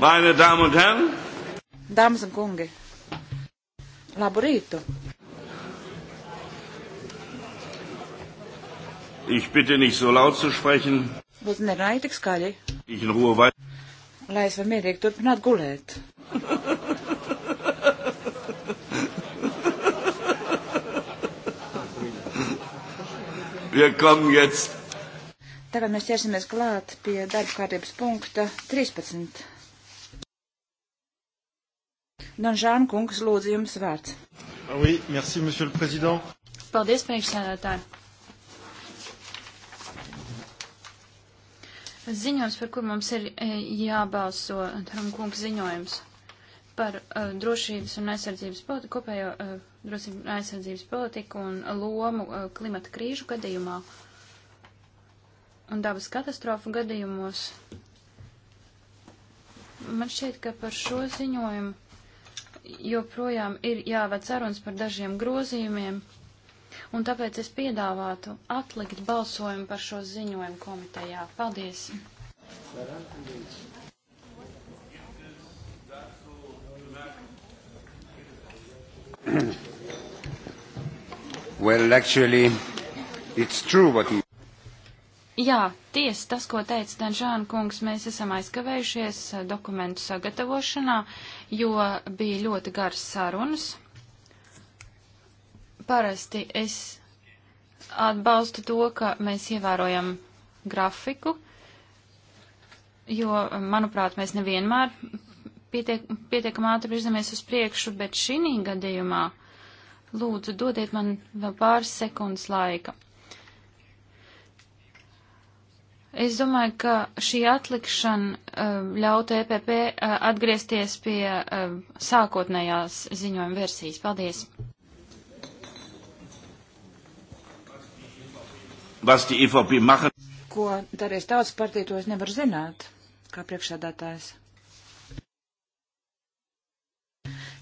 Meine Damen un Herren! Dāmas un kungi, labu rītu! Ich bitte nicht so laut zu sprechen. Būs nerunāji tik skaļi. Ich in Ruhe vai... Lai es varu mierīgi turpināt gulēt. Wir kommen jetzt Tagad mēs ķersimies klāt pie darba kārtības punkta 13. Donžāna kungs, lūdzu, jums vārds. Ah oui, merci, monsieur le président. Paldies, priekšsēdētāji. Ziņojums, par kur mums ir e, jābalso, Trump kungs ziņojums par uh, drošības un aizsardzības politiku, kopējo uh, drošības un aizsardzības politiku un lomu uh, klimata krīžu gadījumā. Uh, un dabas katastrofu gadījumos. Man šķiet, ka par šo ziņojumu joprojām ir jāved sarunas par dažiem grozījumiem, un tāpēc es piedāvātu atlikt balsojumu par šo ziņojumu komitejā. Paldies! Well, actually, it's true what you... Jā, tiesa, tas, ko teica Danžāna kungs, mēs esam aizkavējušies eh, dokumentu sagatavošanā, jo bija ļoti garas sarunas. Parasti es atbalstu to, ka mēs ievērojam grafiku, jo, manuprāt, mēs nevienmēr pietiek, pietiekam ātri virzamies uz priekšu, bet šī gadījumā lūdzu dodiet man vēl pāris sekundes laika. Es domāju, ka šī atlikšana eh, ļautu EPP eh, atgriezties pie eh, sākotnējās ziņojuma versijas. Paldies! E Ko darīs tautas partija, to es nevaru zināt, kā priekšsēdētājs.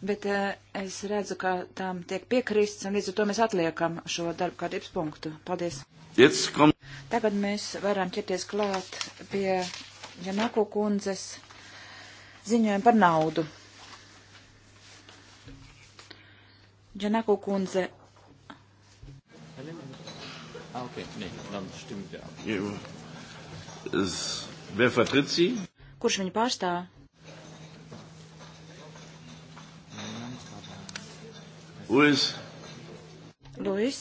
Bet eh, es redzu, ka tam tiek piekrists, un līdz ar to mēs atliekam šo darba kārtības punktu. Paldies. Yes, Tagad mēs varam ķerties klāt pie Janako kundzes ziņojuma par naudu. Janako kundze. Ah, okay. nee, dann stimmt ja. Wer vertritt sie? Kurš viņu pārstāv? Luis. Luis,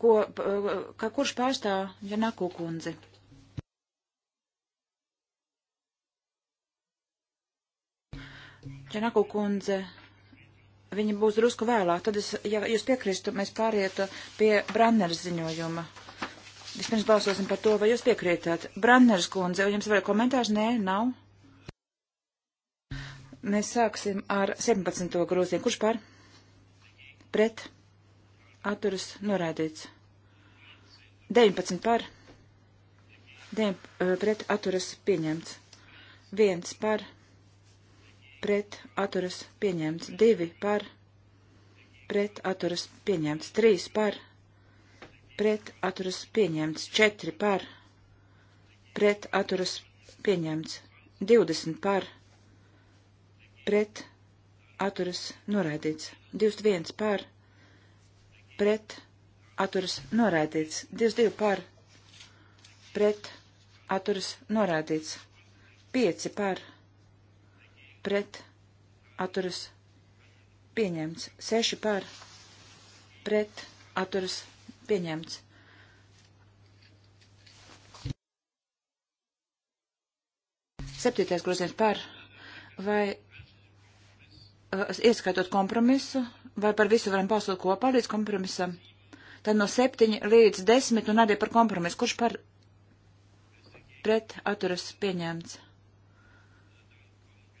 ko, ka kurš pārstāv Janaku kundzi? Janaku kundze, viņa būs drusku vēlāk, tad es, ja jūs piekristu, mēs pārietu pie Branners ziņojuma. Vispirms balsosim par to, vai jūs piekrītat. Branners kundze, jums vēl komentārs? Nē, nav. Mēs sāksim ar 17. grozījumu. Kurš par? pret atturas norādīts. 19 par 9 pret atturas pieņemts. 1 par pret atturas pieņemts. 2 par pret atturas pieņemts. 3 par pret atturas pieņemts. 4 par pret atturas pieņemts. 20 par pret atturas noraidīts. 21 par pret atturas noraidīts. 22 par pret atturas noraidīts. 5 par pret atturas pieņemts. 6 par pret atturas pieņemts. Septītais grozījums par vai ieskaitot kompromisu, vai par visu varam balsot kopā līdz kompromisam? Tad no septiņa līdz desmit un arī par kompromisu. Kurš par pret atturas pieņemts?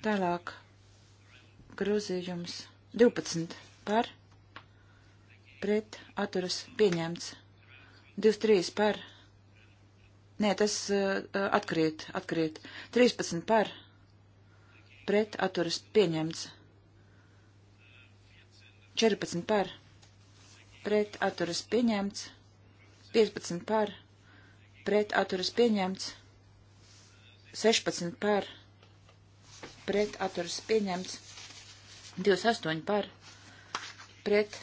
Tālāk. Grozījums 12 par pret atturas pieņemts. 23 par. Nē, tas uh, atkrīt, atkrīt. 13 par pret atturas pieņemts. 14 par, pret atturas pieņemts, 15 par, pret atturas pieņemts, 16 par, pret atturas pieņemts, 28 par, pret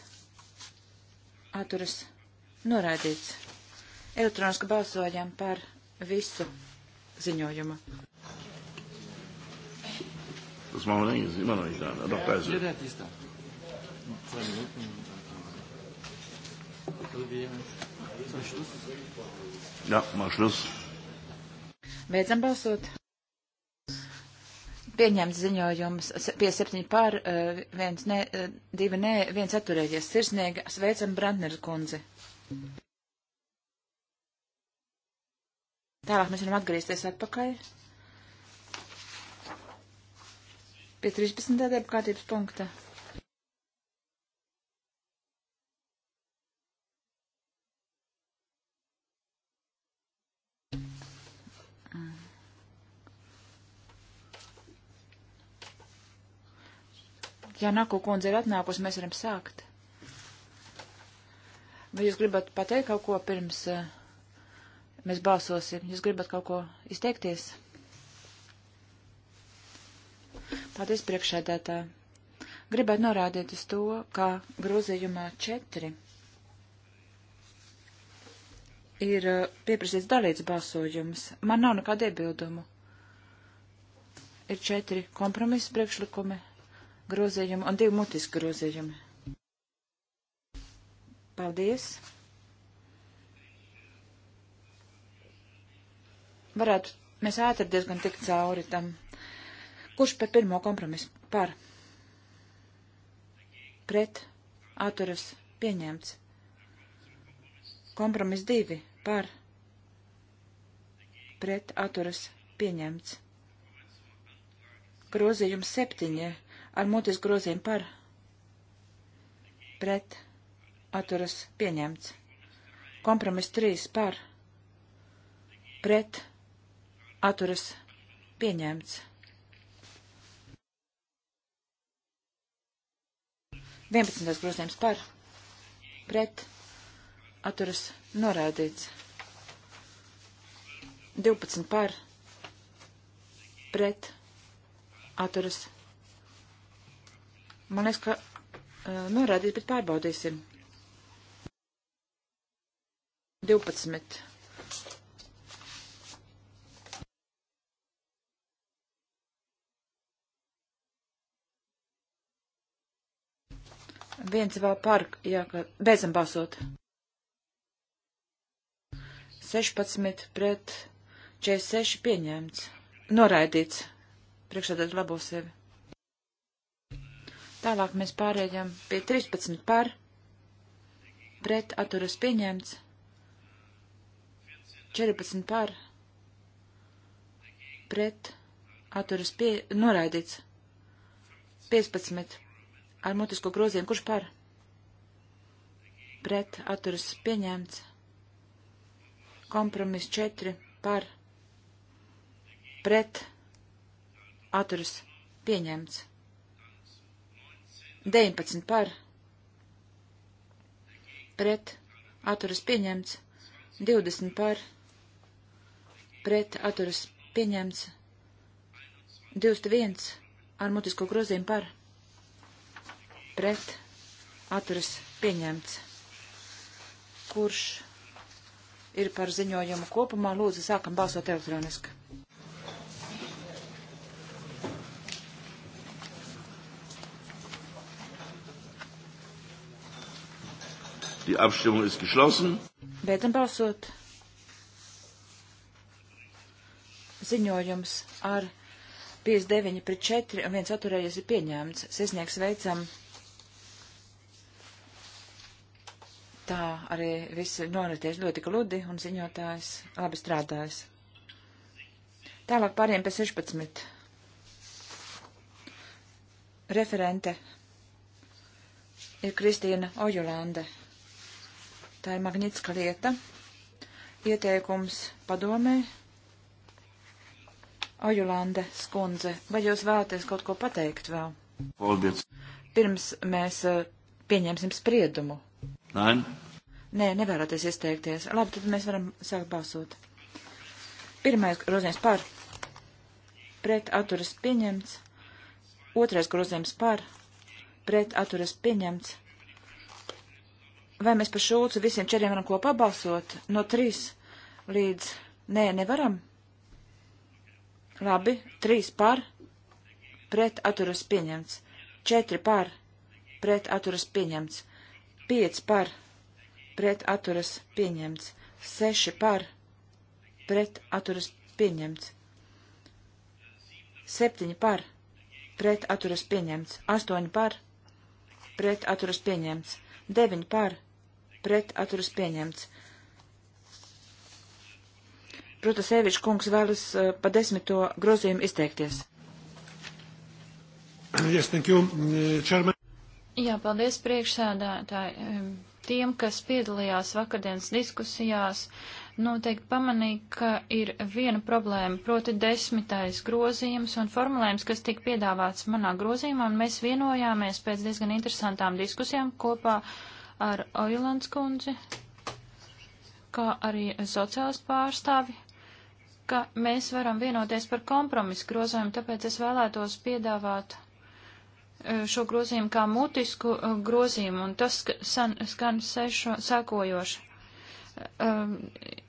atturas norādīts. Elektroniski balsojam par visu ziņojumu. Tas man liekas, man liekas, tā. Jā, man šlus. Beidzam balsot. Pieņemts ziņojums pie septiņi pār, eh, viens ne, eh, divi nē, viens atturējies. Sirsniega sveicam Brandner kundzi. Tālāk mēs varam atgriezties atpakaļ. Pie 13. debkārtības punkta. Ja Naku kundze ir atnākusi, mēs varam sākt. Vai jūs gribat pateikt kaut ko pirms eh, mēs balsosim? Jūs gribat kaut ko izteikties? Paldies priekšēdētāji. Gribētu norādīt uz to, ka grozījumā četri ir eh, pieprasīts dalīts balsojums. Man nav nekāda iebildumu. Ir četri kompromisa priekšlikumi grozījumi un divi mutiski grozījumi. Paldies! Varētu mēs ātri diezgan tikt cauri tam. Kurš par pirmo kompromisu? Par. Pret. Atturas. Pieņemts. Kompromis divi. Par. Pret. Atturas. Pieņemts. Grozījums septiņi ar mutisku grozījumu par pret atturas pieņemts. Kompromiss 3 par pret atturas pieņemts. 11. grozījums par pret atturas noraidīts. 12 par pret atturas pieņemts Man liekas, ka uh, norādīt, bet pārbaudīsim. 12. Viens vēl par, jā, ka beidzam balsot. 16 pret 46 pieņemts. Noraidīts. Priekšādā labo sevi. Tālāk mēs pārējām pie 13 par, pret atturas pieņemts, 14 par, pret atturas pie, noraidīts, 15 ar mutisko grozījumu, kurš par, pret atturas pieņemts, kompromis 4 par, pret atturas pieņemts. 19 par pret atturas pieņemts, 20 par pret atturas pieņemts, 21 ar mutisko grozījumu par pret atturas pieņemts, kurš ir par ziņojumu kopumā. Lūdzu, sākam balsot elektroniski. Die Abstimmung ist geschlossen. Beidzam balsot. Ziņojums ar 59 pret 4 un 1 atturējies ir pieņēmts. Sesnieks veicam. Tā arī viss norities ļoti gludi un ziņotājs labi strādājis. Tālāk pāriem pie 16. Referente ir Kristīna Ojulande. Tā ir Magnitska lieta. Ieteikums padomē. Ojulande skundze, vai jūs vēlaties kaut ko pateikt vēl? Paldies. Pirms mēs eh, pieņemsim spriedumu. Nein. Nē, nevēlaties izteikties. Labi, tad mēs varam sākt balsot. Pirmais grozījums par. Pret atturas pieņemts. Otrais grozījums par. Pret atturas pieņemts. Vai mēs par šūcu visiem četriem varam kopā balsot? No trīs līdz. Nē, nevaram. Labi, trīs par, pret atturas pieņemts. Četri par, pret atturas pieņemts. Pieci par, pret atturas pieņemts. Seši par, pret atturas pieņemts. Septiņi par, pret atturas pieņemts. Astoņi par, pret atturas pieņemts. Deviņi par, pret pret atturas pieņemts. Protasevičs kungs vēlas eh, pa desmito grozījumu izteikties. Yes, thank you, eh, Chairman. Jā, paldies priekšsēdētāji. Tiem, kas piedalījās vakardienas diskusijās, noteikti pamanīja, ka ir viena problēma, proti desmitais grozījums un formulējums, kas tika piedāvāts manā grozījumā, un mēs vienojāmies pēc diezgan interesantām diskusijām kopā uh, ar Ojulans kundzi, kā arī sociālistu pārstāvi, ka mēs varam vienoties par kompromisu grozījumu, tāpēc es vēlētos piedāvāt e, šo grozījumu kā mutisku e, grozījumu, un tas skan, skan sešo, sekojoši um,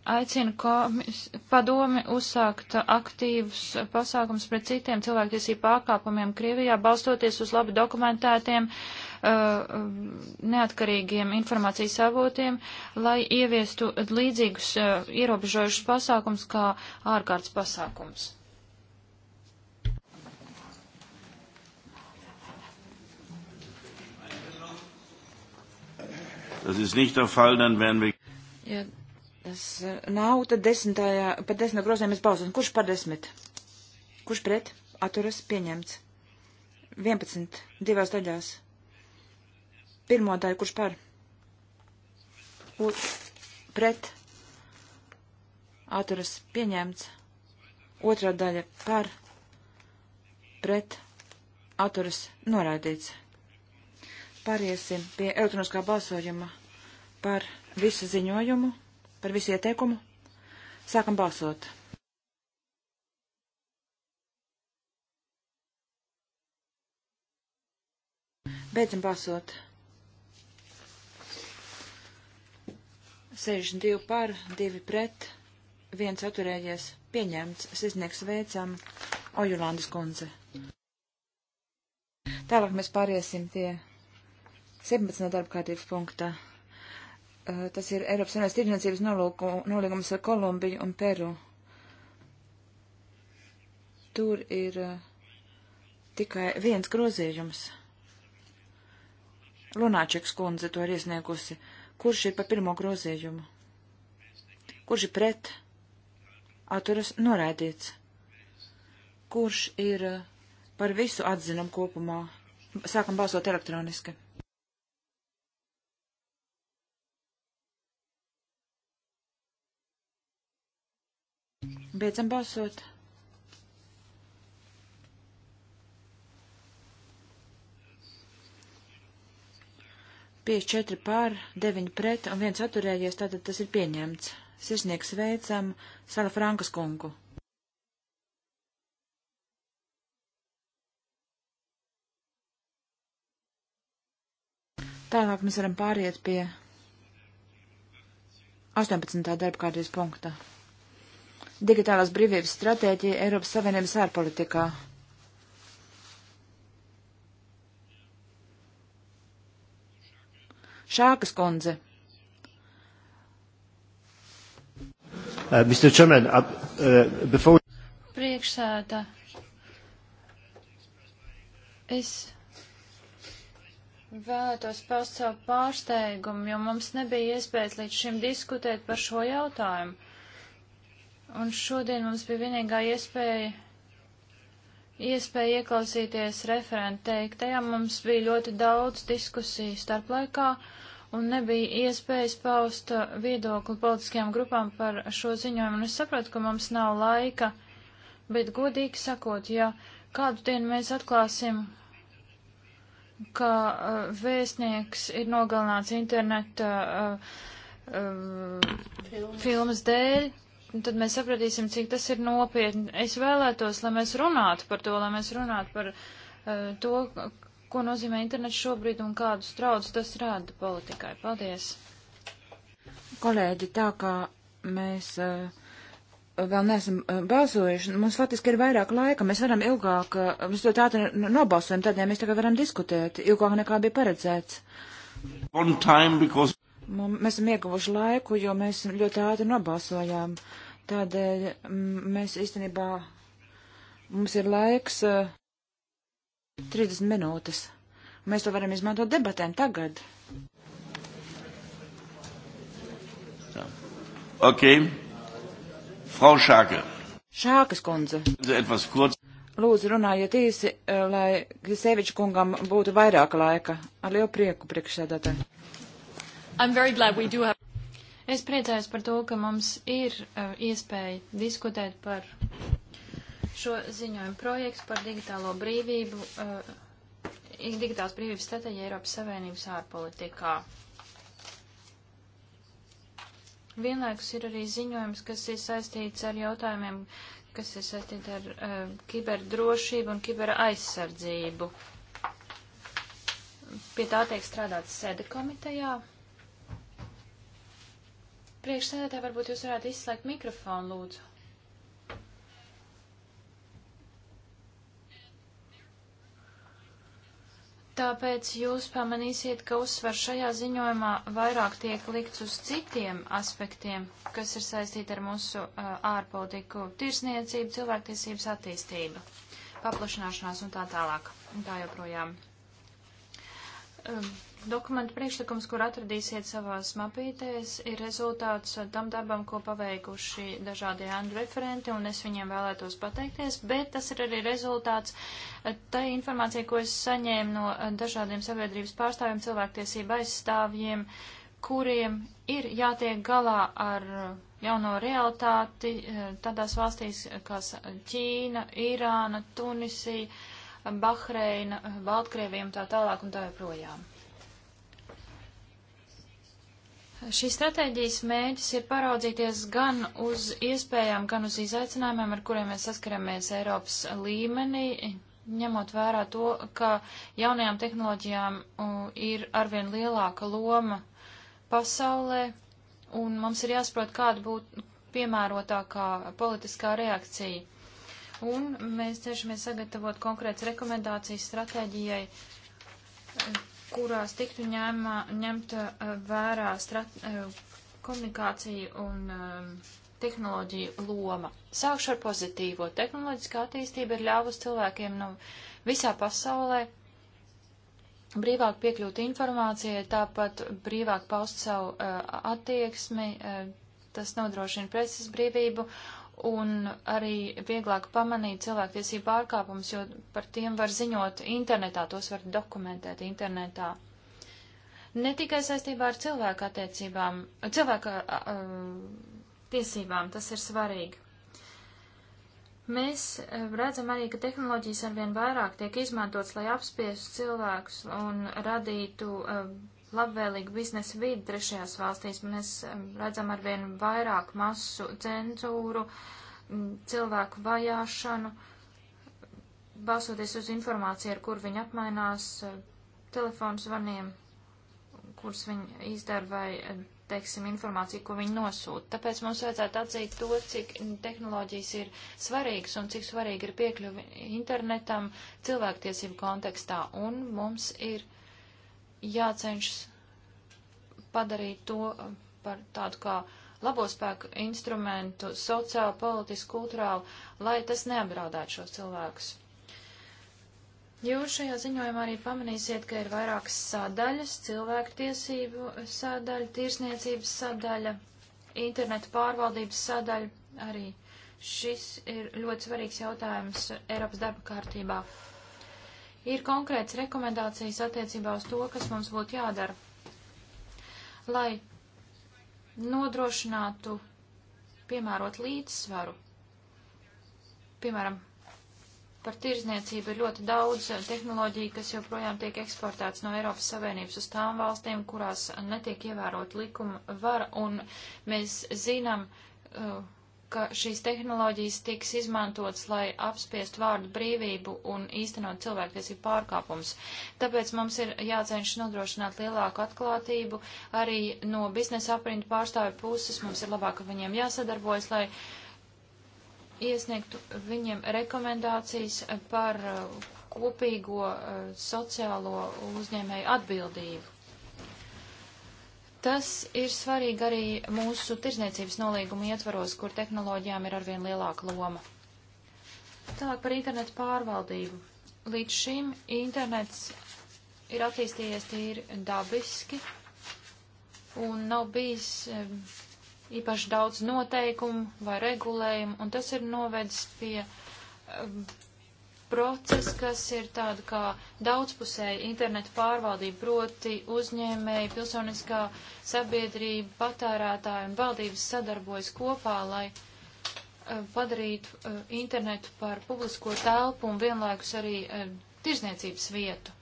aicina komis, padomi uzsākt aktīvus pasākums pret citiem cilvēktiesību pārkāpumiem Krievijā, balstoties uz labi dokumentētiem uh, um, neatkarīgiem informācijas avotiem, lai ieviestu līdzīgus uh, ierobežojušus pasākums kā ārkārtas pasākums. Das ist nicht der Fall, dann werden wir. Ja tas eh, nav, tad desmitajā, pa desmit grozēm mēs balsosim. Kurš par desmit? Kurš pret? Atturas pieņemts. 11. Divās daļās. Pirmo daļu, kurš par? Otru. Pret. Atturas pieņemts. Otrā daļa par. Pret. Atturas noraidīts. Pāriesim pie elektroniskā balsojuma par visu ziņojumu, par visu ieteikumu. Sākam balsot. Beidzam balsot. 62 par, 2 pret, 1 atturējies, pieņemts, sisnieks veicam, Ojulandas kundze. Tālāk mēs pāriesim pie 17. darba kārtības punktā. Eh, tas ir Eiropas Savienības tirdzniecības nolīgums ar Kolumbiju un Peru. Tur ir eh, tikai viens grozījums. Lunāčeks kundze to ir iesniegusi. Kurš ir pa pirmo grozījumu? Kurš ir pret? Atturas noraidīts. Kurš ir eh, par visu atzinumu kopumā? Sākam balsot elektroniski. Beidzam balsot. Pieci četri pār, deviņi pret un viens atturējies, tātad tas ir pieņemts. Sirsnieks veicam Sala Frankas kungu. Tālāk mēs varam pāriet pie 18. darbkārtības punkta digitālās brīvības stratēģija Eiropas Savienības ārpolitikā. Šākas kundze. Uh, Mr. Chairman, uh, uh, before... Priekšsēdā. Es vēlētos paust savu pārsteigumu, jo mums nebija iespējas līdz šim diskutēt par šo jautājumu. Un šodien mums bija vienīgā iespēja, iespēja ieklausīties referentu teiktajā. Mums bija ļoti daudz diskusiju starp laikā un nebija iespējas paust viedokli politiskajām grupām par šo ziņojumu. Un es saprotu, ka mums nav laika, bet godīgi sakot, ja kādu dienu mēs atklāsim, ka uh, vēstnieks ir nogalināts interneta uh, uh, filmas. filmas dēļ, Nu, tad mēs sapratīsim, cik tas ir nopietni. Es vēlētos, lai mēs runātu par to, lai mēs runātu par uh, to, ko nozīmē internets šobrīd un kādus draudus tas rada politikai. Paldies! Kolēģi, tā kā mēs uh, vēl neesam uh, balsojuši, mums faktiski ir vairāk laika, mēs varam ilgāk, uh, mēs to tātad nobalsojam, tad, ja mēs tagad varam diskutēt, ilgāk nekā bija paredzēts. Because... Mēs esam ieguvuši laiku, jo mēs ļoti ātri nobalsojām. Tādēļ mm, mēs īstenībā, mums ir laiks 30 eh, minūtes. Mēs to varam izmantot debatēm tagad. Ok. Frau Šāke. Šākas kundze. Lūdzu, runājiet īsi, eh, lai Giseviča kungam būtu vairāk laika. Ar lielu prieku priekšsēdētāji. Have... Es priecājos par to, ka mums ir uh, iespēja diskutēt par šo ziņojumu projektu par digitālo brīvību, uh, digitālas brīvības stratēģija Eiropas Savienības ārpolitikā. Vienlaikus ir arī ziņojums, kas ir saistīts ar jautājumiem, kas ir saistīti ar uh, kiberdrošību un kiberaizsardzību. Pie tā tiek strādāts sēde komitejā. Priekšsēdētāji, varbūt jūs varētu izslēgt mikrofonu, lūdzu. Tāpēc jūs pamanīsiet, ka uzsver šajā ziņojumā vairāk tiek likts uz citiem aspektiem, kas ir saistīti ar mūsu uh, ārpolitiku - tirsniecību, cilvēktiesības attīstību, paplašanāšanās un tā tālāk. Un tā joprojām. Um, Dokumentu priekšlikums, kur atradīsiet savās mapītēs, ir rezultāts tam darbam, ko paveikuši dažādi ēnu referenti, un es viņiem vēlētos pateikties, bet tas ir arī rezultāts eh, tai informācijai, ko es saņēmu no eh, dažādiem sabiedrības pārstāvjiem, cilvēktiesība aizstāvjiem, kuriem ir jātiek galā ar eh, jauno realitāti tādās valstīs kā Ķīna, Irāna, Tunisija, Bahreina, Baltkrievija un tā tālāk un tā joprojām. Šīs stratēģijas mēģis ir paraudzīties gan uz iespējām, gan uz izaicinājumiem, ar kuriem mēs saskaramies Eiropas līmenī, ņemot vērā to, ka jaunajām tehnoloģijām ir arvien lielāka loma pasaulē, un mums ir jāsaprot, kāda būtu piemērotākā politiskā reakcija. Un mēs cenšamies sagatavot konkrētas rekomendācijas stratēģijai kurās tiktu ņēmā, ņemta eh, vērā strat, eh, komunikācija un um, eh, tehnoloģija loma. Sākšu ar pozitīvo. Tehnoloģiskā attīstība ir ļāvusi cilvēkiem no visā pasaulē brīvāk piekļūt informācijai, tāpat brīvāk paust savu uh, attieksmi, uh, tas nodrošina preses brīvību un arī vieglāk pamanīt cilvēktiesību pārkāpumus, jo par tiem var ziņot internetā, tos var dokumentēt internetā. Ne tikai saistībā ar cilvēku attiecībām, cilvēka uh, tiesībām, tas ir svarīgi. Mēs redzam arī, ka tehnoloģijas arvien vairāk tiek izmantotas, lai apspiestu cilvēkus un radītu uh, labvēlīgu biznesa vidi trešajās valstīs. Mēs redzam arvien vairāk masu cenzūru, cilvēku vajāšanu, balsoties uz informāciju, ar kur viņi apmainās eh, telefonu zvaniem, kurus viņi izdara vai, eh, teiksim, informāciju, ko viņi nosūta. Tāpēc mums vajadzētu atzīt to, cik tehnoloģijas ir svarīgas un cik svarīgi ir piekļuvi internetam cilvēktiesību kontekstā. Un mums ir jācenšas padarīt to uh, par tādu kā labo spēku instrumentu, sociāli, politiski, kulturāli, lai tas neapdraudētu šos cilvēkus. Jūs šajā ziņojumā arī pamanīsiet, ka ir vairākas sadaļas - cilvēktiesību sadaļa, tirsniecības sadaļa, interneta pārvaldības sadaļa. Arī šis ir ļoti svarīgs jautājums Eiropas darba kārtībā ir konkrēts rekomendācijas attiecībā uz to, kas mums būtu jādara, lai nodrošinātu piemērot līdzsvaru. Piemēram, par tirzniecību ir ļoti daudz tehnoloģiju, kas joprojām tiek eksportēts no Eiropas Savienības uz tām valstīm, kurās netiek ievērot likuma vara, un mēs zinām, uh, ka šīs tehnoloģijas tiks izmantotas, lai apspiest vārdu brīvību un īstenot cilvēktiesību pārkāpums. Tāpēc mums ir jācenšas nodrošināt lielāku atklātību. Arī no biznesa aprindu pārstāvju puses mums ir labāk ar viņiem jāsadarbojas, lai iesniegtu viņiem rekomendācijas par uh, kopīgo uh, sociālo uzņēmēju atbildību. Tas ir svarīgi arī mūsu tirzniecības nolīguma ietvaros, kur tehnoloģijām ir arvien lielāka loma. Tālāk par internetu pārvaldību. Līdz šim internets ir attīstījies tīri dabiski un nav bijis īpaši daudz noteikumu vai regulējumu, un tas ir novedis pie process, kas ir tāda kā daudzpusēja interneta pārvaldība, proti uzņēmēji, pilsoniskā sabiedrība, patērētāji un valdības sadarbojas kopā, lai uh, padarītu uh, internetu par publisko telpu un vienlaikus arī uh, tirzniecības vietu.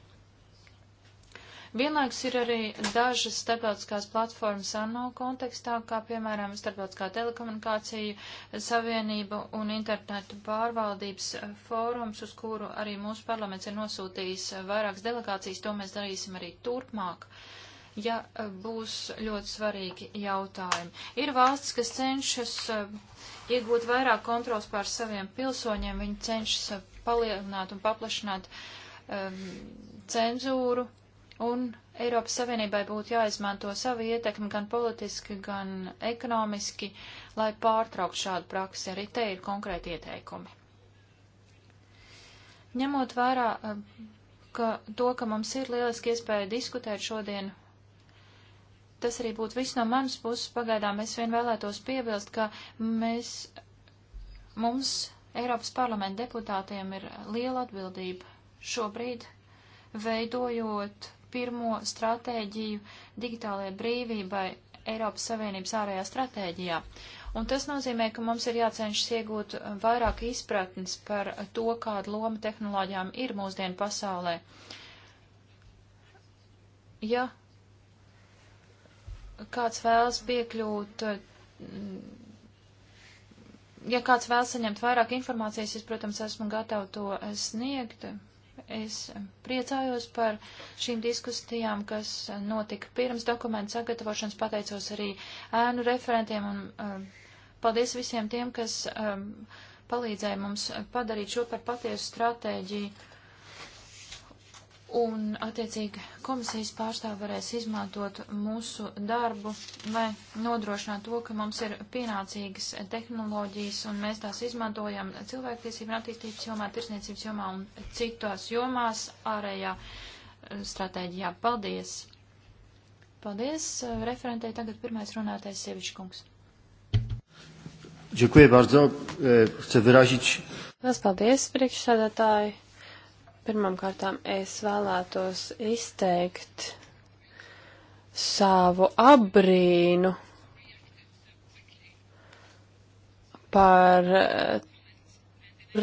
Vienlaiks ir arī dažas starptautiskās platformas ANO kontekstā, kā piemēram Starptautiskā telekomunikācija savienība un internetu pārvaldības fórums, uz kuru arī mūsu parlaments ir nosūtījis vairākas delegācijas, to mēs darīsim arī turpmāk ja e, būs ļoti svarīgi jautājumi. Ir valsts, kas cenšas e, iegūt vairāk kontrols pār saviem pilsoņiem, viņi cenšas palielināt un paplašināt um, cenzūru, Un Eiropas Savienībai būtu jāizmanto savu ietekmi gan politiski, gan ekonomiski, lai pārtraukt šādu praksi. Arī te ir konkrēti ieteikumi. Ņemot vērā eh, ka to, ka mums ir lieliski iespēja diskutēt šodien, tas arī būtu viss no manas puses. Pagaidām es vien vēlētos piebilst, ka mēs, mums, Eiropas parlamenta deputātiem, ir liela atbildība šobrīd veidojot pirmo stratēģiju digitālajai brīvībai Eiropas Savienības ārējā stratēģijā. Un tas nozīmē, ka mums ir jācenšas iegūt uh, vairāk izpratnes par to, kāda loma tehnoloģijām ir mūsdienu pasaulē. Ja kāds vēlas piekļūt, uh, mm, ja kāds vēlas saņemt vairāk informācijas, es, protams, esmu gatava to uh, sniegt, Es priecājos par šīm diskusijām, kas notika pirms dokumentu sagatavošanas. Pateicos arī ēnu referentiem un um, paldies visiem tiem, kas um, palīdzēja mums padarīt šo par patiesu stratēģiju un attiecīgi komisijas pārstāv varēs izmantot mūsu darbu, lai nodrošinātu to, ka mums ir pienācīgas tehnoloģijas un mēs tās izmantojam cilvēktiesību un attīstības jomā, tirsniecības jomā un citās jomās ārējā eh, stratēģijā. Paldies! Paldies! Eh, referentei tagad pirmais runātais Sieviškungs. Dziekuji bardzo. E, chcę wyrazić. Paldies, priekšsēdētāji. Pirmkārtām es vēlētos izteikt savu abrīnu par eh,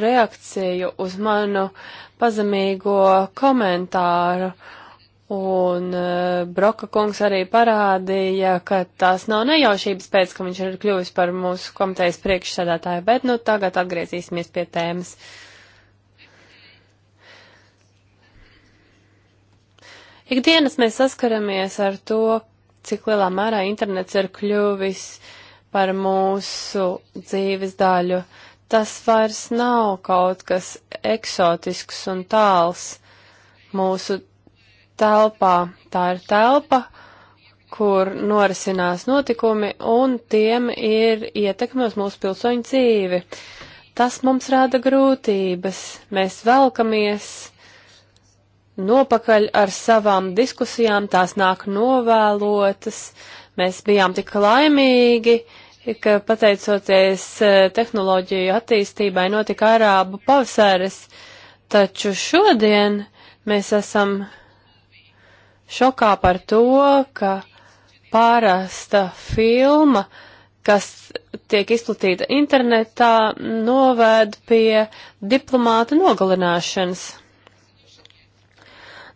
reakciju uz manu pazemīgo komentāru. Un eh, Broka kungs arī parādīja, ka tās nav nejaušības pēc, ka viņš ir kļuvis par mūsu komitejas priekšsēdētāju, bet nu tagad atgriezīsimies pie tēmas. Uh, Ikdienas mēs saskaramies ar to, cik lielā mērā internets ir kļuvis par mūsu dzīves daļu. Tas vairs nav kaut kas eksotisks un tāls mūsu telpā. Tā ir telpa, kur norisinās notikumi, un tiem ir ietekme uz mūsu pilsoņu dzīvi. Tas mums rada grūtības, mēs velkamies nopakaļ ar savām diskusijām, tās nāk novēlotas. Mēs bijām tik laimīgi, ka pateicoties e, tehnoloģiju attīstībai notika arābu pavasaris, taču šodien mēs esam šokā par to, ka pārasta filma, kas tiek izplatīta internetā, novēd pie diplomāta nogalināšanas.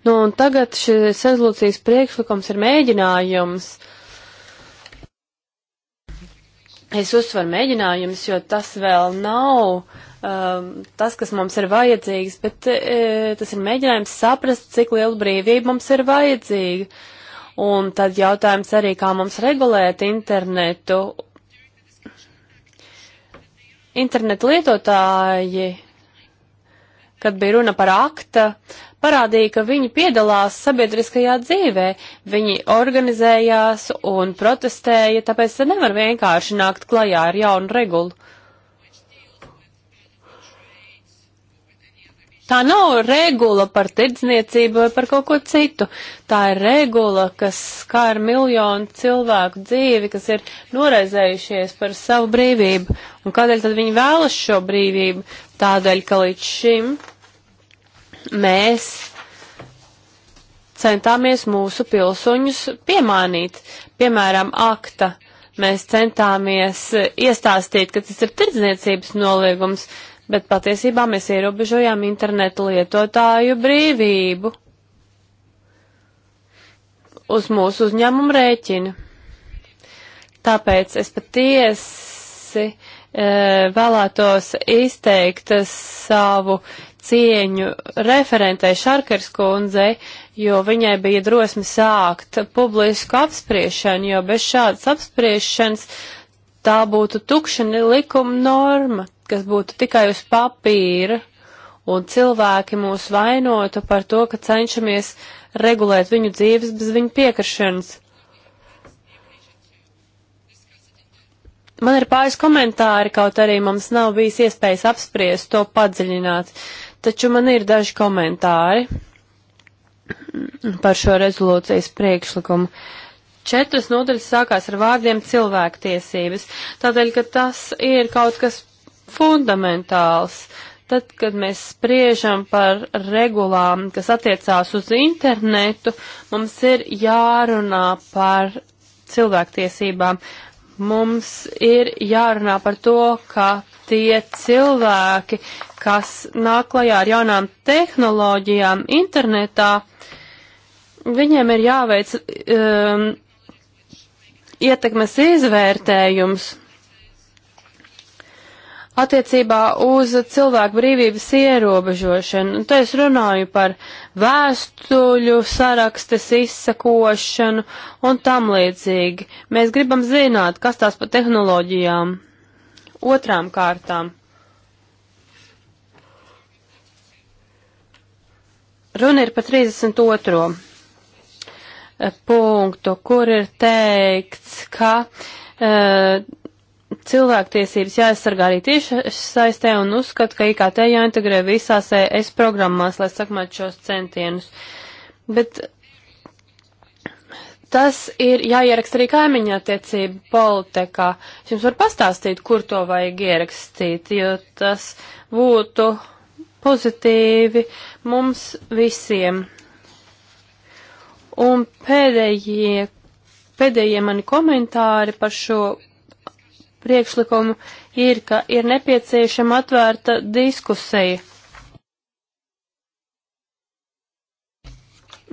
Nu, un tagad šis rezolūcijas priekšlikums ir mēģinājums. Es uzsveru mēģinājums, jo tas vēl nav um, tas, kas mums ir vajadzīgs, bet e, tas ir mēģinājums saprast, cik liela brīvība mums ir vajadzīga. Un tad jautājums arī, kā mums regulēt internetu internetu lietotāji, kad bija runa par akta parādīja, ka viņi piedalās sabiedriskajā dzīvē, viņi organizējās un protestēja, tāpēc te nevar vienkārši nākt klajā ar jaunu regulu. Tā nav regula par tirdzniecību vai par kaut ko citu. Tā ir regula, kas skar miljonu cilvēku dzīvi, kas ir noraizējušies par savu brīvību. Un kādēļ tad viņi vēlas šo brīvību? Tādēļ, ka līdz šim mēs centāmies mūsu pilsoņus piemānīt. Piemēram, akta. Mēs centāmies iestāstīt, ka tas ir tirdzniecības noliegums, bet patiesībā mēs ierobežojām internetu lietotāju brīvību uz mūsu uzņēmumu rēķinu. Tāpēc es patiesi E, vēlētos izteikt savu cieņu referentei Šarkars kundzei, jo viņai bija drosme sākt publisku apspriešanu, jo bez šādas apspriešanas tā būtu tukšana likuma norma, kas būtu tikai uz papīra, un cilvēki mūs vainotu par to, ka cenšamies regulēt viņu dzīves bez viņu piekrišanas. Man ir pāris komentāri, kaut arī mums nav bijis iespējas apspriest to padziļināt, taču man ir daži komentāri par šo rezolūcijas priekšlikumu. Četras nodaļas sākās ar vārdiem cilvēktiesības, tādēļ, ka tas ir kaut kas fundamentāls. Tad, kad mēs spriežam par regulām, kas attiecās uz internetu, mums ir jārunā par cilvēktiesībām. Mums ir jārunā par to, ka tie cilvēki, kas nāk klajā ar jaunām tehnoloģijām internetā, viņiem ir jāveic um, ietekmes izvērtējums attiecībā uz cilvēku brīvības ierobežošanu. Un te es runāju par vēstuļu sarakstes izsakošanu un tam līdzīgi. Mēs gribam zināt, kas tās pa tehnoloģijām. Otrām kārtām. Runa ir par 32. punktu, kur ir teikts, ka uh, cilvēktiesības jāaizsargā arī tieši saistē un uzskat, ka IKT jāintegrē visās ES programmās, lai sakmētu šos centienus. Bet tas ir jāieraksta arī kaimiņa attiecību politikā. Es jums varu pastāstīt, kur to vajag ierakstīt, jo tas būtu pozitīvi mums visiem. Un pēdējie, pēdējie mani komentāri par šo priekšlikumu ir, ka ir nepieciešama atvērta diskusija.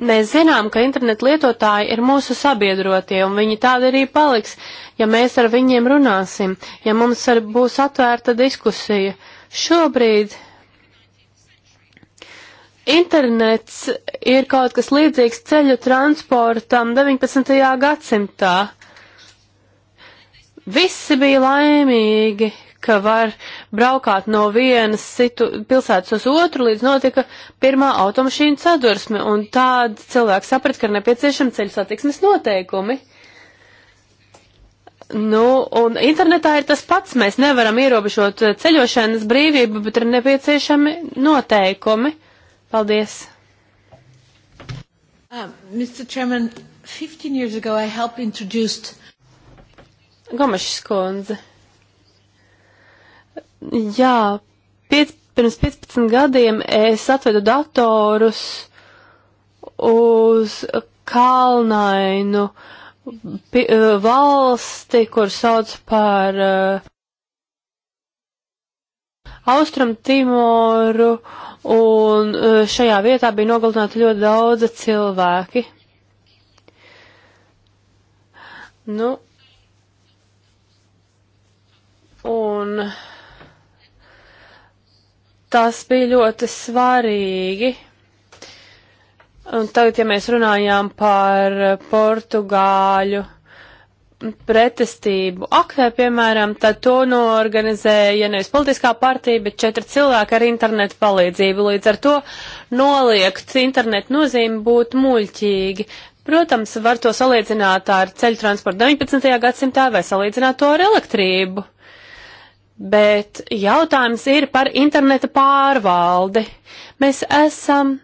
Mēs zinām, ka internetu lietotāji ir mūsu sabiedrotie, un viņi tādi arī paliks, ja mēs ar viņiem runāsim, ja mums ar, būs atvērta diskusija. Šobrīd internets ir kaut kas līdzīgs ceļu transportam 19. gadsimtā. Visi bija laimīgi, ka var braukāt no vienas citu pilsētas uz otru, līdz notika pirmā automašīna sadursme, un tāda cilvēka saprat, ka ir nepieciešama ceļu satiksmes noteikumi. Nu, un internetā ir tas pats, mēs nevaram ierobežot ceļošanas brīvību, bet ir nepieciešami noteikumi. Paldies. Uh, Mr. Chairman, 15 years ago I helped introduced Gomešs kundze. Jā, piec, pirms 15 gadiem es atvedu datorus uz kalnainu pi, eh, valsti, kur sauc par uh, eh, Austram Timoru, un uh, šajā vietā bija nogalināti ļoti daudzi cilvēki. Nu, Un tas bija ļoti svarīgi. Un tagad, ja mēs runājām par portugāļu pretestību aktē, piemēram, tad to noorganizēja nevis politiskā partija, bet četri cilvēki ar internetu palīdzību. Līdz ar to noliegt internetu nozīmi būtu muļķīgi. Protams, var to salīdzināt ar ceļu transportu 19. gadsimtā vai salīdzināt to ar elektrību. Bet jautājums ir par interneta pārvaldi. Mēs esam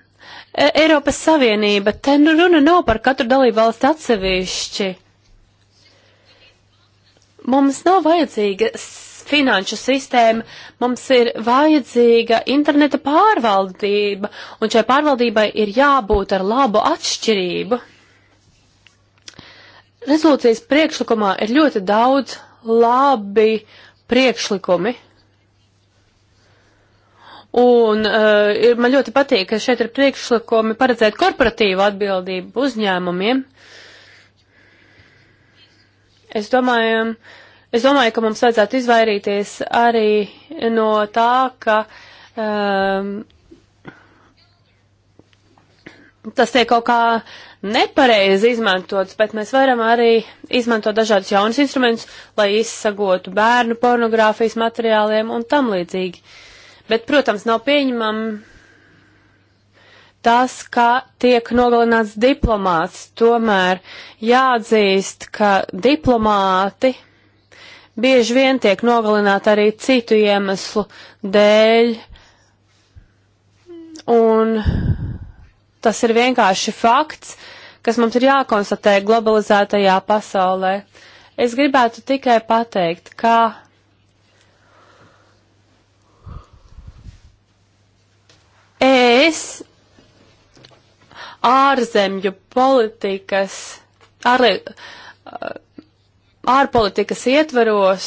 e Eiropas Savienība. Te nu runa nav par katru dalību valstu atsevišķi. Mums nav vajadzīga finanšu sistēma, mums ir vajadzīga interneta pārvaldība, un šai pārvaldībai ir jābūt ar labu atšķirību. Rezolūcijas priekšlikumā ir ļoti daudz labi uh, priekšlikumi. Un uh, man ļoti patīk, ka šeit ir priekšlikumi paredzēt korporatīvu atbildību uzņēmumiem. Es domāju, es domāju, ka mums vajadzētu izvairīties arī no tā, ka um, uh, tas tiek kaut kā nepareizi izmantots, bet mēs varam arī izmantot dažādus jaunus instrumentus, lai izsagotu bērnu pornogrāfijas materiāliem un tam līdzīgi. Bet, protams, nav pieņemam tas, ka tiek nogalināts diplomāts. Tomēr jāatzīst, ka diplomāti bieži vien tiek nogalināti arī citu iemeslu dēļ. Un Tas ir vienkārši fakts, kas mums ir jākonstatē globalizētajā pasaulē. Es gribētu tikai pateikt, ka es ārzemju politikas, ārlie, ārpolitikas ietveros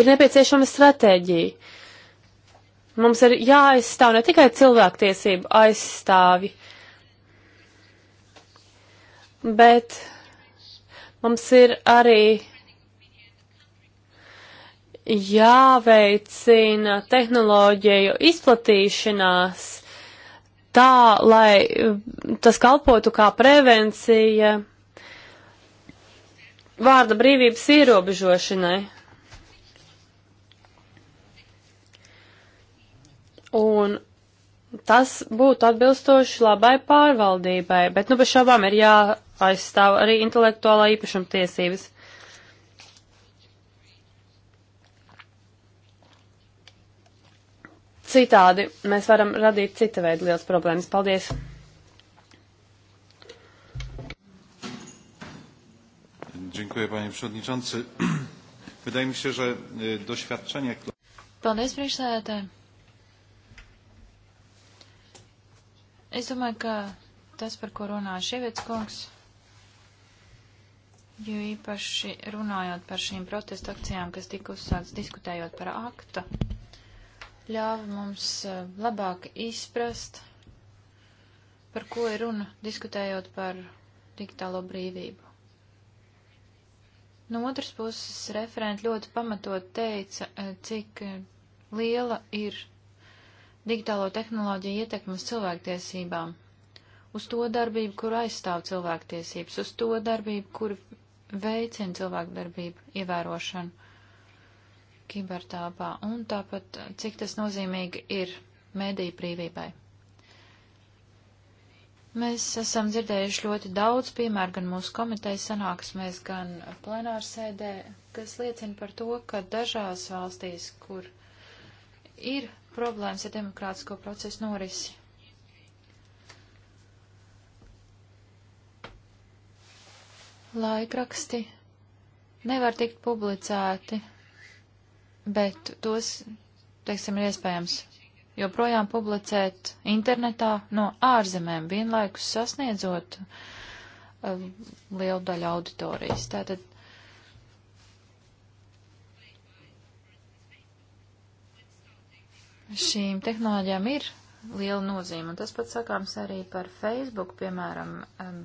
ir nepieciešama stratēģija. Mums ir jāaizstāv ne tikai cilvēktiesību aizstāvi, bet mums ir arī jāveicina tehnoloģiju izplatīšanās tā, lai mm, tas kalpotu kā prevencija vārda brīvības ierobežošanai. Un tas būtu atbilstoši labai pārvaldībai, bet nu bez šaubām ir jāaizstāv arī intelektuālā īpašuma tiesības. Citādi mēs varam radīt cita veida liels problēmas. Paldies! Dziękuję, panie przewodniczący. Wydaje mi się, że e, doświadczenie... Paldies, priekšsēdētāji. Es domāju, ka tas, par ko runā Ševets kungs, jo īpaši runājot par šīm protestu akcijām, kas tika uzsākts diskutējot par akta, ļāva mums e, labāk izprast, par ko ir runa diskutējot par digitālo brīvību. No otras puses, referenti ļoti pamatot teica, e, cik e, liela ir digitālo tehnoloģiju ietekmi uz cilvēktiesībām, uz to darbību, kur aizstāv cilvēktiesības, uz to darbību, kur veicina cilvēkdarbību ievērošanu kibertāpā, un tāpat, cik tas nozīmīgi ir mediju brīvībai. Mēs esam dzirdējuši ļoti daudz piemēru gan mūsu komitejas sanāksmēs, gan plenārsēdē, kas liecina par to, ka dažās valstīs, kur ir problēmas ar demokrātisko procesu norisi. Laikraksti nevar tikt publicēti, bet tos, teiksim, ir iespējams joprojām publicēt internetā no ārzemēm, vienlaikus sasniedzot uh, eh, lielu daļu auditorijas. Tātad šīm tehnoloģijām ir liela nozīme, un tas pats sakāms arī par Facebook, piemēram, um,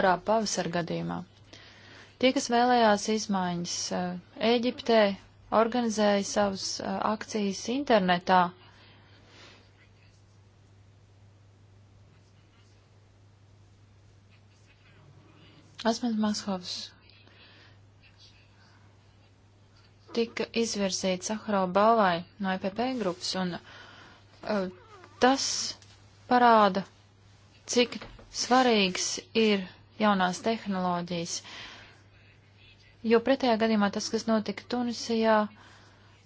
Arābu pavasara gadījumā. Tie, kas vēlējās izmaiņas Ēģiptē, eh, organizēja savas eh, akcijas internetā. Asmens Mashovs tika izvirzīta Saharova balvai no EPP grupas, un uh, tas parāda, cik svarīgs ir jaunās tehnoloģijas. Jo pretējā gadījumā tas, kas notika Tunisijā,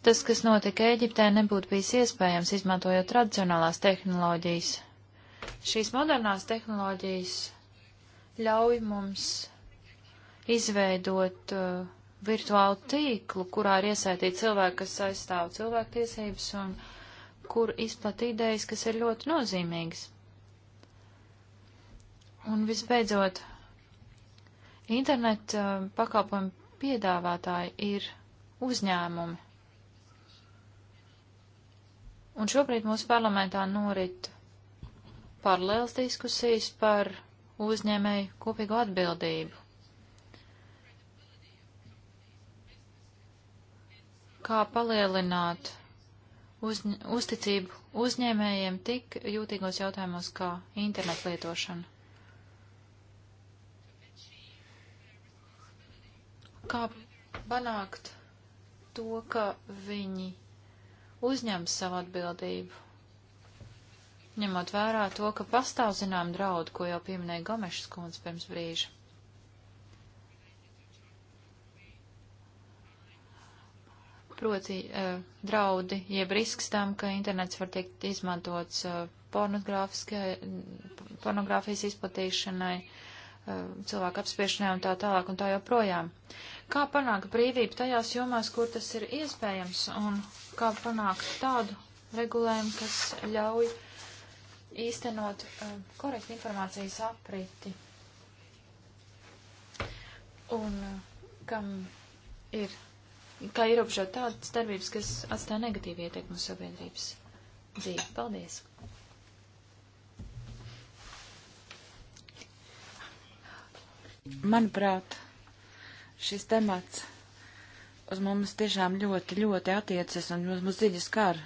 tas, kas notika Eģiptē, nebūtu bijis iespējams, izmantojot tradicionālās tehnoloģijas. Šīs modernās tehnoloģijas ļauj mums izveidot uh, virtuālu tīklu, kurā ir iesaistīti cilvēki, kas aizstāv cilvēktiesības un kur izplat idejas, kas ir ļoti nozīmīgas. Un visbeidzot, interneta uh, pakalpojumu piedāvātāji ir uzņēmumi. Un šobrīd mūsu parlamentā norit paralēls diskusijas par uzņēmēju kopīgu atbildību. kā palielināt uz, uzticību uzņēmējiem tik jūtīgos jautājumos kā internetu lietošana. Kā panākt to, ka viņi uzņems savu atbildību, ņemot vērā to, ka pastāv zinām draudu, ko jau pieminēja Gomešas kundze pirms brīža. proti uh, draudi, jeb risks tam, ka internets var tikt izmantots uh, pornogrāfijas izplatīšanai, uh, cilvēku apspiešanai un tā tālāk un tā joprojām. Kā panākt brīvību tajās jomās, kur tas ir iespējams, un kā panākt tādu regulējumu, kas ļauj īstenot korektu informācijas apriti. Un kam ir kā ierobežot tādas darbības, kas atstāja negatīvu ietekmi uz sabiedrības dzīvi. Paldies! Manuprāt, šis temats uz mums tiešām ļoti, ļoti attiecas un uz mums dziļi skar.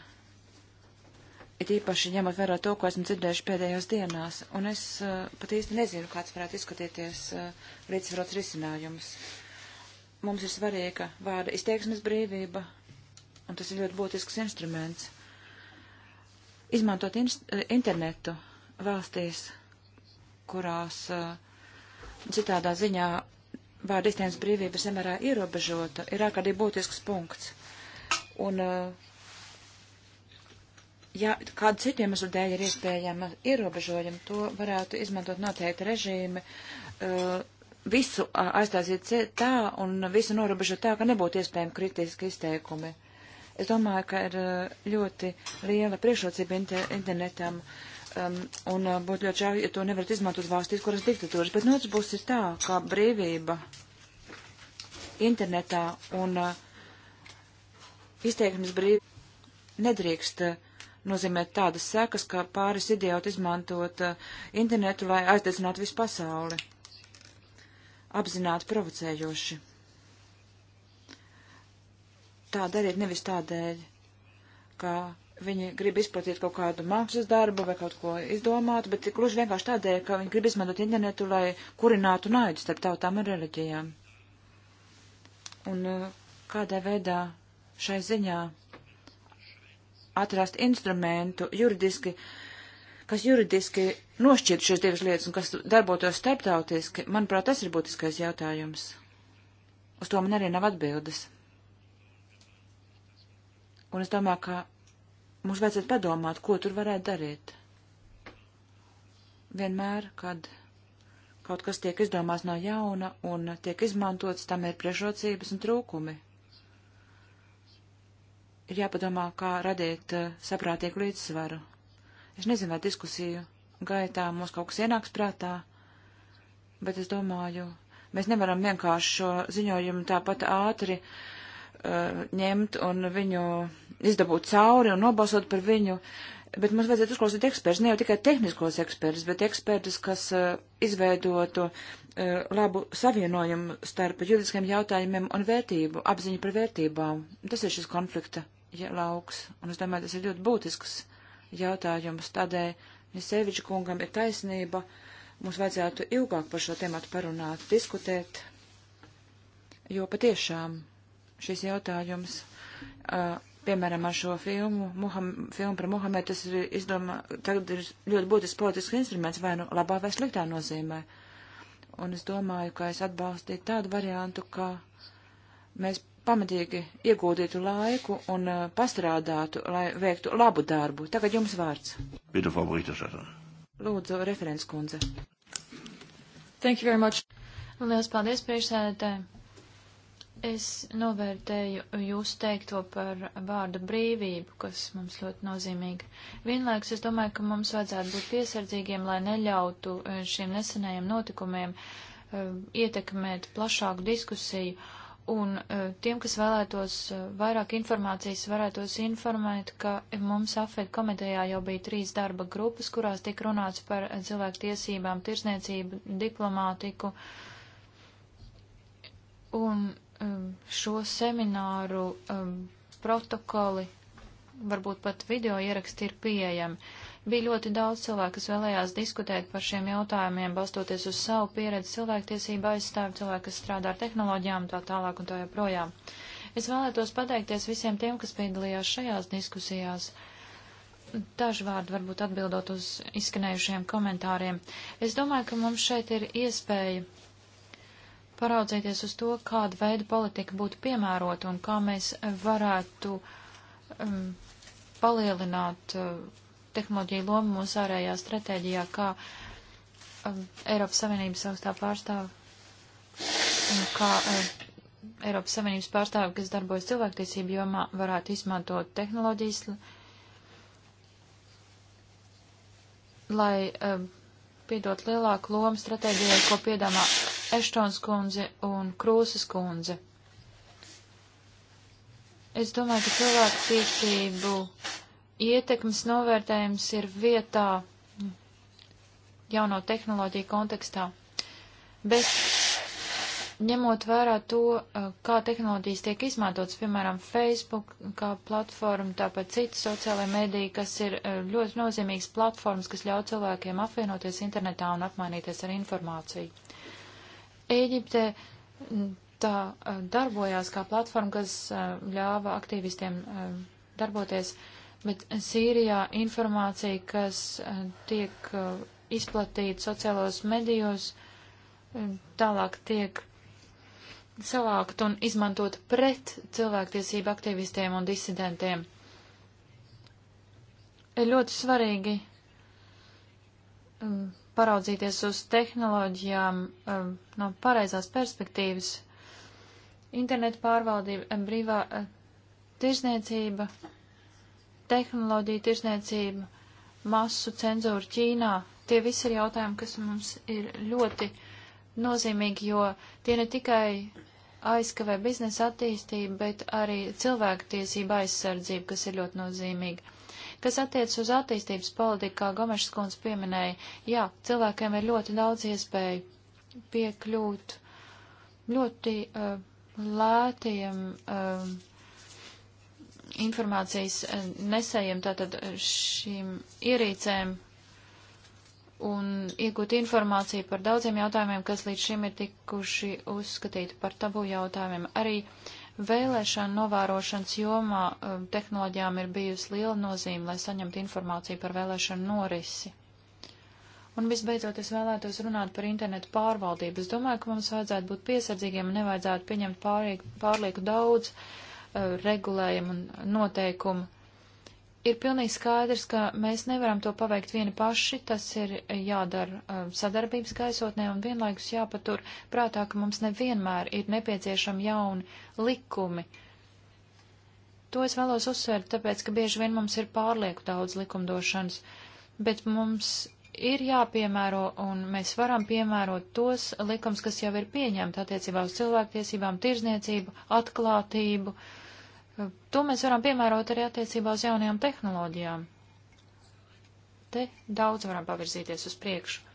It īpaši ņemot vērā to, ko esmu dzirdējuši pēdējās dienās, un es uh, pat īsti nezinu, kāds varētu izskatīties uh, līdzsvarots risinājums. Uh, mums ir svarīga vārda izteiksmes brīvība, un tas ir ļoti būtisks instruments. Izmantot in eh, internetu valstīs, kurās eh, citādā ziņā vārda izteiksmes brīvība samērā ierobežota, ir ārkārtīgi būtisks punkts. Un, eh, ja kādu citu iemeslu dēļ ir iespējama ierobežojuma, to varētu izmantot noteikti režīmi. Uh, visu aizstāsiet tā un visu norobežot tā, ka nebūtu iespējami kritiski izteikumi. Es domāju, ka ir ļoti liela priekšrocība internetam um, un būtu ļoti žēl, ja to nevarat izmantot valstīs, kuras diktatūras. Bet no otras puses ir tā, ka brīvība internetā un uh, izteiksmes brīvība nedrīkst uh, nozīmē tādas sekas, ka pāris idioti izmantot uh, internetu, lai aizdedzinātu visu pasauli apzināti provocējoši. Tā dariet nevis tādēļ, ka viņi grib izplatīt kaut kādu mākslas darbu vai kaut ko izdomātu, bet gluži vienkārši tādēļ, ka viņi grib izmantot internetu, lai kurinātu naidu starp tautām un reliģijām. Un uh, kādā veidā šai ziņā atrast instrumentu juridiski uh, kas juridiski nošķirtu šīs divas lietas un kas darbotos starptautiski, manuprāt, tas ir būtiskais jautājums. Uz to man arī nav atbildes. Un es domāju, ka mums vajadzētu padomāt, ko tur varētu darīt. Vienmēr, kad kaut kas tiek izdomāts no jauna un tiek izmantots, tam ir priešrocības un trūkumi. Ir jāpadomā, kā radīt eh, saprātīgu līdzsvaru. Es nezinu, vai diskusiju gaitā mums kaut kas ienāks prātā, bet es domāju, mēs nevaram vienkārši šo ziņojumu tāpat ātri uh, ņemt un viņu izdabūt cauri un nobalsot par viņu. Bet mums vajadzētu uzklausīt ekspertus, ne jau tikai tehniskos ekspertus, bet ekspertus, kas uh, izveidotu uh, labu savienojumu starp juridiskiem jautājumiem un vērtību, apziņu par vērtībām. Tas ir šis konflikta ja, lauks, un es domāju, tas ir ļoti būtisks jautājumus. Tādēļ, ja Seviča kungam ir taisnība, mums vajadzētu ilgāk par šo tēmatu parunāt, diskutēt, jo patiešām šis jautājums, piemēram, ar šo filmu, Muham, filmu par Muhamedu, tas ir izdomā, tagad ir ļoti būtisks politisks instruments, vai nu labā vai sliktā nozīmē. Un es domāju, ka es atbalstītu tādu variantu, ka mēs pamatīgi ieguldītu laiku un uh, pastrādātu, lai veiktu labu darbu. Tagad jums vārds. Bitte, Frau Berichterstatterin. Lūdzu, referents kundze. Thank you very much. Lielas paldies, priekšsēdētāji. Es novērtēju jūsu teikto par vārdu brīvību, kas mums ļoti nozīmīga. Vienlaiks es domāju, ka mums vajadzētu būt piesardzīgiem, lai neļautu uh, šiem nesenajiem notikumiem uh, ietekmēt plašāku diskusiju un e, tiem, kas vēlētos e, vairāk informācijas, varētos informēt, ka mums AFED komitejā jau bija trīs darba grupas, kurās tika runāts par cilvēku tiesībām, tirsniecību, diplomātiku. Un e, šo semināru protokoli, varbūt pat video ieraksti ir pieejami. Bija ļoti daudz cilvēku, kas vēlējās diskutēt par šiem jautājumiem, balstoties uz savu pieredzi cilvēktiesību aizstāvi, cilvēki, kas strādā ar tehnoloģijām, tā tālāk un tā joprojām. Es vēlētos pateikties visiem tiem, kas piedalījās šajās diskusijās. Daži vārdi varbūt atbildot uz izskanējušiem komentāriem. Es domāju, ka mums šeit ir iespēja paraudzīties uz to, kāda veida politika būtu piemērota un kā mēs varētu um, palielināt uh, tehnoloģiju lomu mūsu ārējā stratēģijā, kā um, Eiropas Savienības augstā pārstāva un kā um, Eiropas Savienības pārstāvi, kas darbojas cilvēktiesību jomā, varētu izmantot tehnoloģijas, lai um, piedot lielāku lomu stratēģijai, ko piedāvā Eštons kundze un Krūsas kundze. Es domāju, ka cilvēku tiesību ietekmes novērtējums ir vietā jauno tehnoloģiju kontekstā. Bet ņemot vērā to, eh, kā tehnoloģijas tiek izmantotas, piemēram, Facebook kā platforma, tāpat citas sociālai mediji, kas ir eh, ļoti nozīmīgas platformas, kas ļauj cilvēkiem apvienoties internetā un apmainīties ar informāciju. Ēģipte tā eh, darbojās kā platforma, kas ļāva aktīvistiem darboties. Uh, bet Sīrijā informācija, kas eh, tiek eh, izplatīta sociālos medijos, eh, tālāk tiek savākt un izmantot pret cilvēktiesību aktivistiem un disidentiem. Ir ļoti svarīgi paraudzīties uz tehnoloģijām no pareizās perspektīvas. Internetu pārvaldība, brīvā tirzniecība tehnoloģija, tirsniecība, masu cenzūra Ķīnā. Tie visi ir jautājumi, kas mums ir ļoti nozīmīgi, jo tie ne tikai aizkavē biznesa attīstību, bet arī cilvēku tiesība aizsardzība, kas ir ļoti nozīmīga. Kas attiec uz attīstības politiku, kā Gomešs kundze pieminēja, jā, cilvēkiem ir ļoti daudz iespēju piekļūt ļoti uh, lētiem uh, informācijas e, nesējiem, tātad šīm ierīcēm un iegūt informāciju par daudziem jautājumiem, kas līdz šim ir tikuši uzskatīti par tabu jautājumiem. Arī vēlēšana novērošanas jomā e, tehnoloģijām ir bijusi liela nozīme, lai saņemtu informāciju par vēlēšanu norisi. Un visbeidzot, es vēlētos runāt par internetu pārvaldību. Es domāju, ka mums vajadzētu būt piesardzīgiem un nevajadzētu pieņemt pārlieku, pārlieku daudz uh, Eh, regulējumu un noteikumu. Ir pilnīgi skaidrs, ka mēs nevaram to paveikt vieni paši, tas ir jādara eh, sadarbības gaisotnē un vienlaikus jāpatur prātā, ka mums nevienmēr ir nepieciešami jauni likumi. To es vēlos uzsvērt, tāpēc, ka bieži vien mums ir pārlieku daudz likumdošanas, bet mums ir jāpiemēro, un mēs varam piemērot tos likums, kas jau ir pieņemta attiecībā uz cilvēktiesībām, tirzniecību, atklātību. To mēs varam piemērot arī attiecībā uz jaunajām tehnoloģijām. Te daudz varam pavirzīties uz priekšu.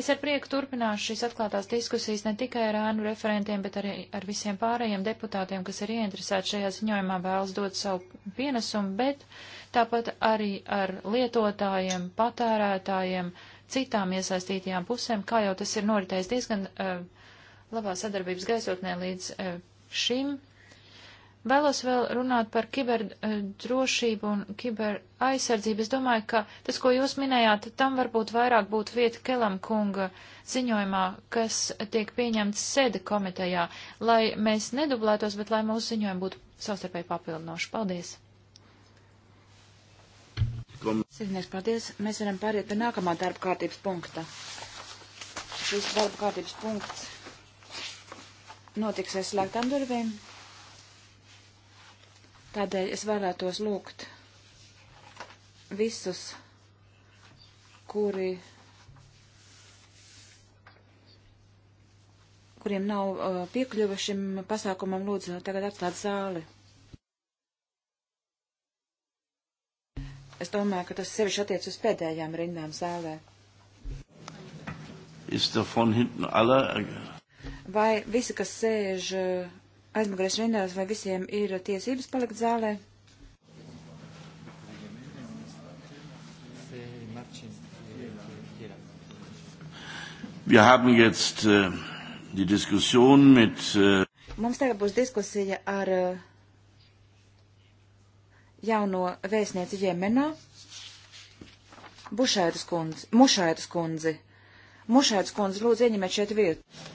Es ar prieku turpināšu šīs atklātās diskusijas ne tikai ar ēnu referentiem, bet arī ar visiem pārējiem deputātiem, kas ir ieinteresēti šajā ziņojumā, vēlas dot savu pienesumu, bet tāpat arī ar lietotājiem, patērētājiem, citām iesaistītajām pusēm, kā jau tas ir noritējis diezgan uh, labā sadarbības gaisotnē līdz uh, šim Vēlos vēl runāt par kiberdrošību un kiberaizsardzību. Es domāju, ka tas, ko jūs minējāt, tam varbūt vairāk būtu vieta Kelam kunga ziņojumā, kas tiek pieņemts sēde komitejā, lai mēs nedublētos, bet lai mūsu ziņojumi būtu savstarpēji papildinoši. Paldies! Sirdnieks, paldies! Mēs varam pāriet pie nākamā darba kārtības punkta. Šis darba kārtības punkts notiks aiz slēgtām durvīm. Tādēļ es vēlētos lūgt visus, kuri, kuriem nav uh, piekļuva šim pasākumam, lūdzu tagad atstāt zāli. Es domāju, ka tas sevišķi attiec uz pēdējām rindām zālē. Vai visi, kas sēž uh, aizmugurēs rindās, vai visiem ir tiesības palikt zālē. Wir haben jetzt äh, die Diskussion mit. Äh Mums tagad būs diskusija ar äh, jauno vēstnieci Jemenā, Bušaitas kundzi. Mušaitas kundzi. Mušaitas kundzi, lūdzu, ieņemiet šeit vietu.